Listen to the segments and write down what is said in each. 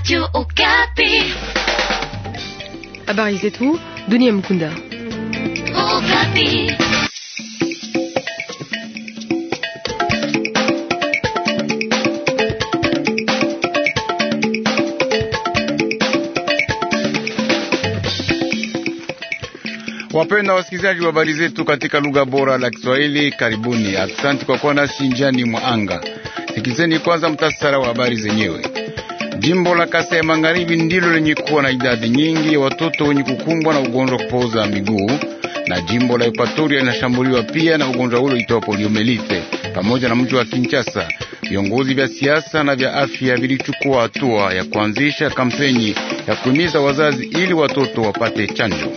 Radio Okapi. Habari zetu, Dunia Mkunda. Okapi. Wapenda wasikilizaji wa habari zetu katika lugha bora la Kiswahili, karibuni. Asante kwa kuwa nasi njiani mwa anga. Sikizeni kwanza mtasara wa habari zenyewe. Jimbo la Kasai Magharibi ndilo lenye kuwa na idadi nyingi ya watoto wenye kukumbwa na ugonjwa kupoza kupooza miguu, na jimbo la Ekwatoria linashambuliwa pia na ugonjwa ule uitwa poliomelite, pamoja na mji wa Kinshasa. Viongozi vya siasa na vya afya vilichukua hatua ya kuanzisha kampeni ya kuhimiza wazazi ili watoto wapate chanjo.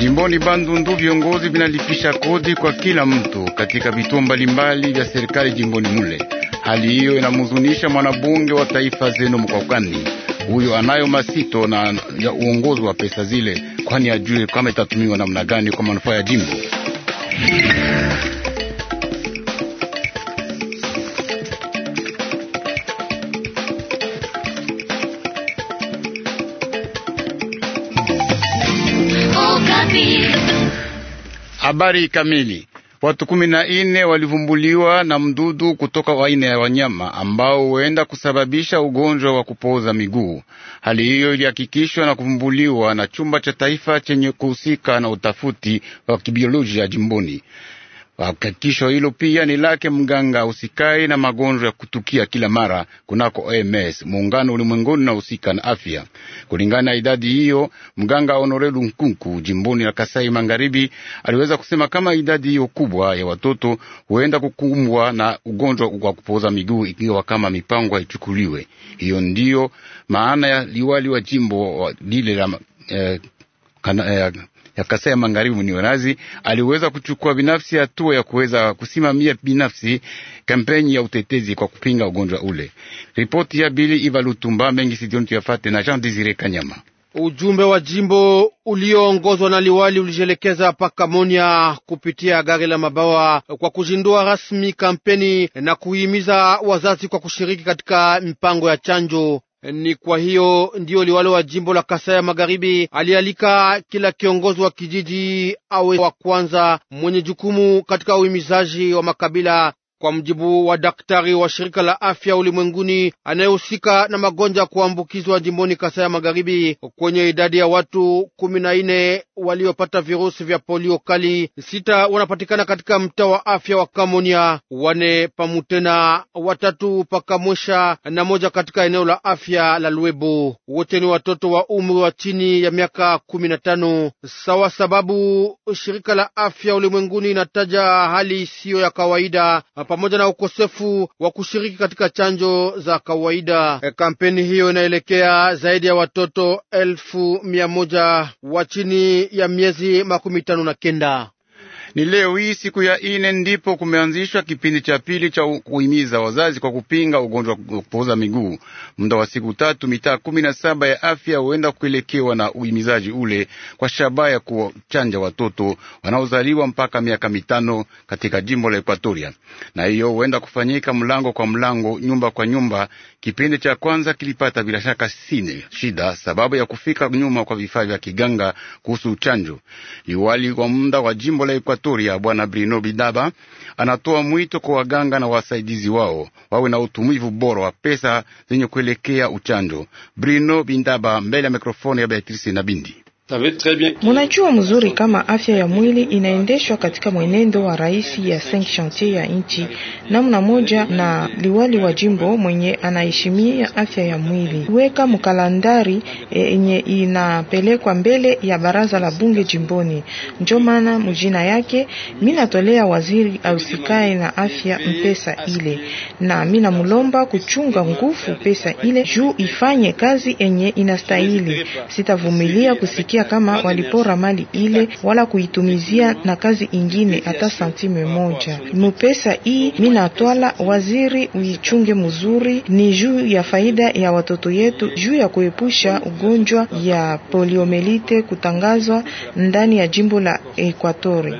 Jimboni Bandundu, viongozi vinalipisha kodi kwa kila mtu katika vituo mbalimbali vya serikali jimboni mule. Hali hiyo inamhuzunisha mwanabunge wa taifa zenu Mkwakani, huyo anayo masito na ya uongozi wa pesa zile, kwani ajue kama itatumiwa namna gani kwa manufaa ya jimbo. Oh, Habari kamili. Watu kumi na ine walivumbuliwa na mdudu kutoka aina ya wanyama ambao huenda kusababisha ugonjwa wa kupooza miguu. Hali hiyo ilihakikishwa na kuvumbuliwa na chumba cha taifa chenye kuhusika na utafuti wa kibiolojia jimboni. Hakikisho hilo pia ni lake mganga usikai na magonjwa ya kutukia kila mara kunako OMS, muungano ulimwenguni na usika na afya. Kulingana na idadi hiyo, mganga Honore Lunkunku jimboni la Kasai Magharibi aliweza kusema kama idadi hiyo kubwa ya watoto huenda kukumbwa na ugonjwa wa kupoza miguu ikiwa kama mipango haichukuliwe. Hiyo ndiyo maana ya liwali wa jimbo lile la eh, kana, eh, ya Kasai ya Magharibi mniorazi aliweza kuchukua binafsi hatua ya kuweza kusimamia binafsi kampeni ya utetezi kwa kupinga ugonjwa ule. Ripoti ya Bili Iva Lutumba mengi Sidioni tuyafate na Jean Desire Kanyama. Ujumbe wa jimbo ulioongozwa na liwali ulijielekeza Pakamonia kupitia gari la mabawa kwa kuzindua rasmi kampeni na kuhimiza wazazi kwa kushiriki katika mipango ya chanjo. Ni kwa hiyo ndiyo liwalo wa jimbo la Kasai ya Magharibi alialika kila kiongozi wa kijiji awe wa kwanza mwenye jukumu katika uhimizaji wa makabila kwa mjibu wa daktari wa shirika la afya ulimwenguni anayehusika na magonjwa ya kuambukizwa jimboni Kasai ya Magharibi, kwenye idadi ya watu kumi na nne waliopata virusi vya polio kali, sita wanapatikana katika mtaa wa afya wa Kamonia, wane Pamutena, watatu Pakamwesha na moja katika eneo la afya la Lwebu. Wote ni watoto wa umri wa chini ya miaka kumi na tano. Sawa sababu shirika la afya ulimwenguni inataja hali isiyo ya kawaida pamoja na ukosefu wa kushiriki katika chanjo za kawaida. Eh, kampeni hiyo inaelekea zaidi ya watoto elfu mia moja wa chini ya miezi makumi tano na kenda. Ni leo hii siku ya ine ndipo kumeanzishwa kipindi cha pili cha kuhimiza wazazi kwa kupinga ugonjwa wa kupooza miguu. Muda wa siku tatu, mitaa kumi na saba ya afya huenda kuelekewa na uhimizaji ule kwa shabaha ya kuchanja watoto wanaozaliwa mpaka miaka mitano katika jimbo la Ekuatoria, na hiyo huenda kufanyika mlango kwa mlango, nyumba kwa nyumba. Kipindi cha kwanza kilipata bila shaka sine shida sababu ya kufika nyuma kwa vifaa vya kiganga kuhusu chanjo. Liwali wa muda wa jimbo la Ekuatoria Pretoria, Bwana Bruno Bidaba anatoa mwito kwa waganga na wasaidizi wao wawe na utumivu bora wa pesa zenye kuelekea uchanjo. Bruno Bidaba mbele ya mikrofoni ya Beatrice Nabindi. Munajua mzuri kama afya ya mwili inaendeshwa katika mwenendo wa rais ya cinq chantier ya nchi namna moja, na liwali wa jimbo mwenye anaheshimia afya ya mwili weka mkalandari e, yenye inapelekwa mbele ya baraza la bunge jimboni. Njo maana mjina yake mi natolea waziri ausikae na afya mpesa ile, na mi namulomba kuchunga nguvu pesa ile juu ifanye kazi enye inastahili. Sitavumilia kusikia kusikia kama walipora mali ile wala kuitumizia na kazi ingine hata santime moja. Mupesa hii minatwala waziri uichunge mzuri, ni juu ya faida ya watoto yetu, juu ya kuepusha ugonjwa ya poliomelite kutangazwa ndani ya jimbo la Ekwatori.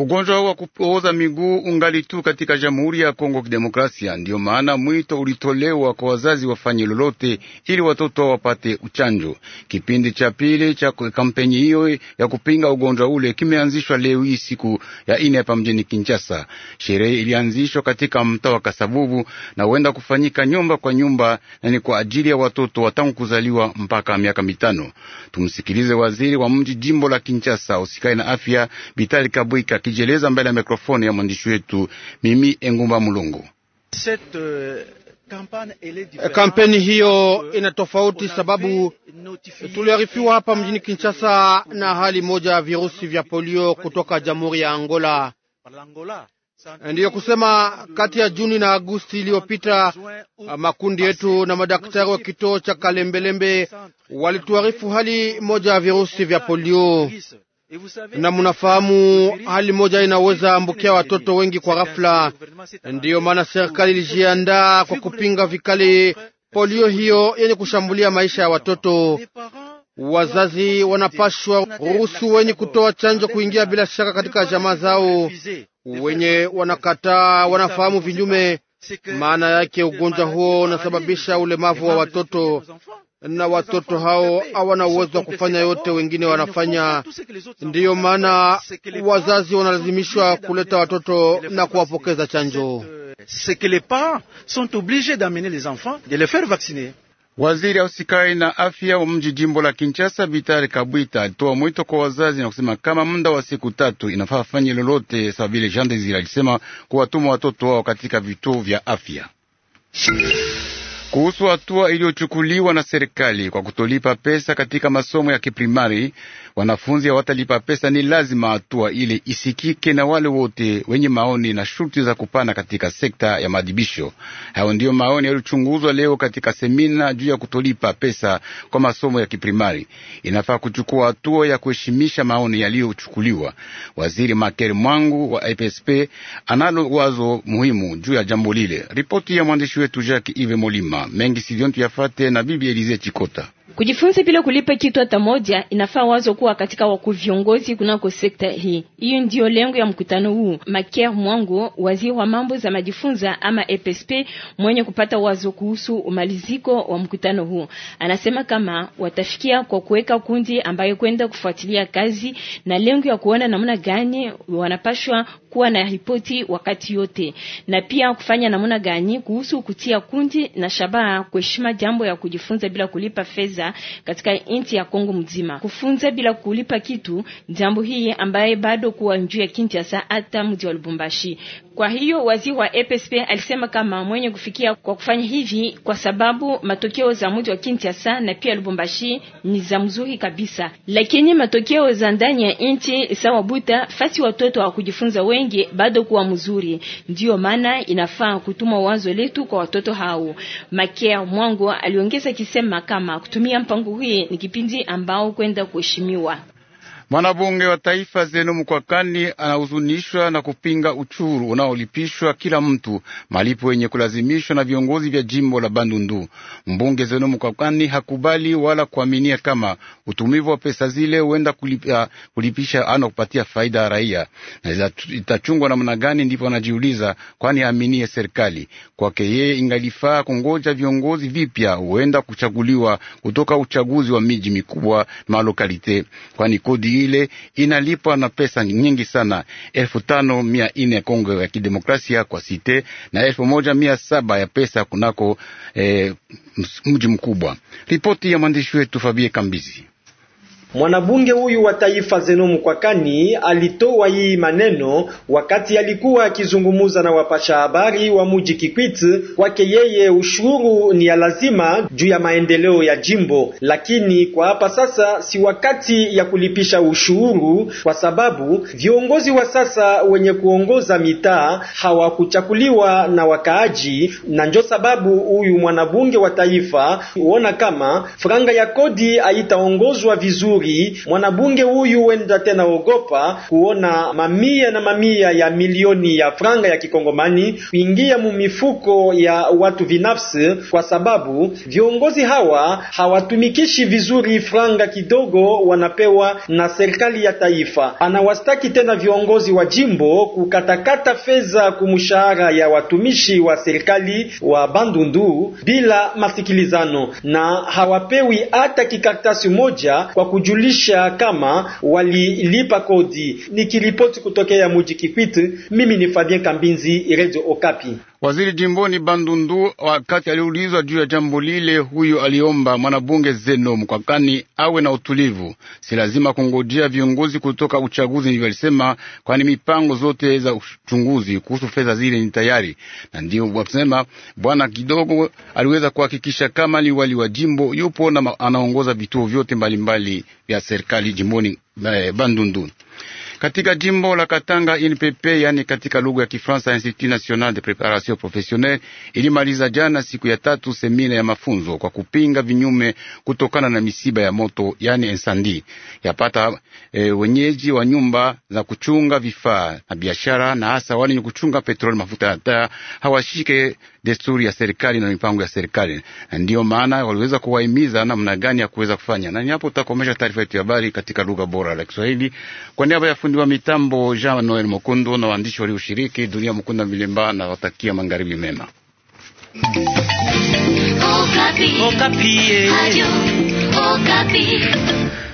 Ugonjwa wa kupooza miguu ungali tu katika Jamhuri ya Kongo Kidemokrasia. Ndiyo maana mwito ulitolewa kwa wazazi wafanye lolote ili watoto wapate uchanjo. Kipindi cha pili cha kampeni hiyo ya kupinga ugonjwa ule kimeanzishwa leo hii siku ya ine hapa mjini Kinshasa. Sherehe ilianzishwa katika mtaa wa Kasabubu na huenda kufanyika nyumba kwa nyumba, na ni kwa ajili ya watoto watangu kuzaliwa mpaka miaka mitano. Tumsikilize waziri wa mji jimbo la Kinshasa usikae na afya Vitali Kabwika akijieleza mbele ya mikrofoni ya mwandishi wetu Mimi Engumba Mulungu. Kampeni euh, hiyo ina tofauti sababu tuliarifiwa hapa mjini Kinshasa na hali moja ya virusi vya polio kutoka Jamhuri ya Angola. Ndiyo kusema kati ya Juni na Agosti iliyopita makundi yetu na madaktari wa kituo cha Kalembelembe walituarifu hali moja ya virusi vya polio na mnafahamu hali moja inaweza ambukia watoto wengi kwa ghafla. Ndiyo maana serikali ilijiandaa kwa kupinga vikali polio hiyo yenye kushambulia maisha ya watoto. Wazazi wanapashwa ruhusu wenye kutoa chanjo kuingia bila shaka katika jamaa zao. Wenye wanakataa wanafahamu vinyume maana yake ugonjwa huo unasababisha ulemavu wa watoto na watoto hao hawana uwezo wa kufanya yote wengine wanafanya. Ndiyo maana wazazi wanalazimishwa kuleta watoto na kuwapokeza chanjo. Waziri ausikari na afya wa mji jimbo la Kinshasa, Vitali Kabwita, alitoa mwito kwa wazazi na kusema kama muda wa siku tatu inafaa fanye lolote, sawa vile Jean Desire alisema kuwatuma watoto wao katika vituo vya afya kuhusu hatua iliyochukuliwa na serikali kwa kutolipa pesa katika masomo ya kiprimari. Wanafunzi hawatalipa pesa, ni lazima hatua ile isikike na wale wote wenye maoni na shurti za kupana katika sekta ya maadhibisho. Hayo ndiyo maoni yaliyochunguzwa leo katika semina juu ya kutolipa pesa kwa masomo ya kiprimari. Inafaa kuchukua hatua ya kuheshimisha maoni yaliyochukuliwa. Waziri Makeri Mwangu wa IPSP e analo wazo muhimu juu ya jambo lile. Ripoti ya mwandishi wetu Jacques Ive Molima mengi sivyo tuyafate na Bibi Elize Chikota. Kujifunza bila kulipa kitu hata moja inafaa wazo kuwa katika wakuu viongozi kunako sekta hii. Hiyo ndiyo lengo ya mkutano huu. Maker Mwangu, waziri wa mambo za majifunza ama EPSP, mwenye kupata wazo kuhusu umaliziko wa mkutano huu, anasema kama watafikia kwa kuweka kundi ambayo kwenda kufuatilia kazi na lengo ya kuona namna gani wanapashwa kuwa na ripoti wakati yote, na pia kufanya namna gani kuhusu kutia kundi na shabaha kuheshima jambo ya kujifunza bila kulipa fedha kujifunza katika nchi ya Kongo mzima. Kufunza bila kulipa kitu, jambo hii ambaye bado kuwa njuu ya Kinshasa hata mji wa Lubumbashi. Kwa hiyo waziri wa EPSP alisema kama mwenye kufikia kwa kufanya hivi, kwa sababu matokeo za mji wa Kinshasa na pia Lubumbashi ni za mzuri kabisa, lakini matokeo za ndani ya nchi sawa buta fasi watoto wa kujifunza wengi bado kuwa mzuri. Ndiyo maana inafaa kutuma wazo letu kwa watoto hao. Makea Mwango aliongeza kisema kama kutumia mpango hii ni kipindi ambao kwenda kuheshimiwa. Mwanabunge wa taifa Zeno Mkwakani anahuzunishwa na kupinga uchuru unaolipishwa kila mtu, malipo yenye kulazimishwa na viongozi vya jimbo la Bandundu. Mbunge Zeno Mkwakani hakubali wala kuaminia kama utumivu wa pesa zile huenda kulipa, kulipisha ana kupatia faida ya raia, na itachungwa namna gani? Ndipo anajiuliza, kwani aaminie serikali? Kwake yeye ingalifaa kungoja viongozi vipya huenda kuchaguliwa kutoka uchaguzi wa miji mikubwa na malokalite, kwani kodi ile inalipwa na pesa nyingi sana, elfu tano mia nne ya Kongo ya Kidemokrasia kwa site na elfu moja mia saba ya pesa kunako eh, mji mkubwa. Ripoti ya mwandishi wetu Fabie Kambizi. Mwanabunge huyu wa taifa Zenomu Kwakani alitoa hii maneno wakati alikuwa akizungumuza na wapasha habari wa muji Kikwit. Kwake yeye ushuru ni ya lazima juu ya maendeleo ya jimbo, lakini kwa hapa sasa si wakati ya kulipisha ushuru, kwa sababu viongozi wa sasa wenye kuongoza mitaa hawakuchakuliwa na wakaaji, na ndio sababu huyu mwanabunge wa taifa huona kama franga ya kodi haitaongozwa vizuri Ituri, mwanabunge huyu wenda tena ogopa kuona mamia na mamia ya milioni ya franga ya kikongomani kuingia mu mifuko ya watu binafsi, kwa sababu viongozi hawa hawatumikishi vizuri franga kidogo wanapewa na serikali ya taifa. Anawastaki tena viongozi wa jimbo kukatakata fedha kumshahara ya watumishi wa serikali wa Bandundu bila masikilizano, na hawapewi hata kikaratasi moja kwa kuj kujulisha kama walilipa kodi. Nikiripoti kutokea muji Kikwiti, mimi ni Fabien Kambinzi, Radio Okapi. Waziri jimboni Bandundu, wakati aliulizwa juu ya jambo lile, huyo aliomba mwanabunge Zeno Mkwakani awe na utulivu, si lazima kungojea viongozi kutoka uchaguzi. Ndivyo alisema, kwani mipango zote za uchunguzi kuhusu fedha zile ni tayari, na ndio wasema bwana kidogo aliweza kuhakikisha kama liwali wa jimbo yupo na anaongoza vituo vyote mbalimbali vya serikali jimboni eh, Bandundu katika jimbo la Katanga. INPP, yani katika lugha ya Kifaransa Institut National de Preparation Professionnelle, ilimaliza jana siku ya tatu semina ya mafunzo kwa kupinga vinyume kutokana na misiba ya moto, yani ensandi yapata e, wenyeji wa nyumba za kuchunga vifaa na biashara na hasa wale kuchunga petroli, mafuta ya taa hawashike desturi ya serikali na mipango ya serikali, na ndiyo maana waliweza kuwahimiza namna gani ya kuweza kufanya. Na ni hapo tutakomesha taarifa yetu ya habari katika lugha bora la Kiswahili. Kwa niaba ya fundi wa mitambo Jean Noel Mokundo na waandishi walioshiriki, Dunia Mukunda Milemba na watakia magharibi mema. Okapi. Okapi. Okapi.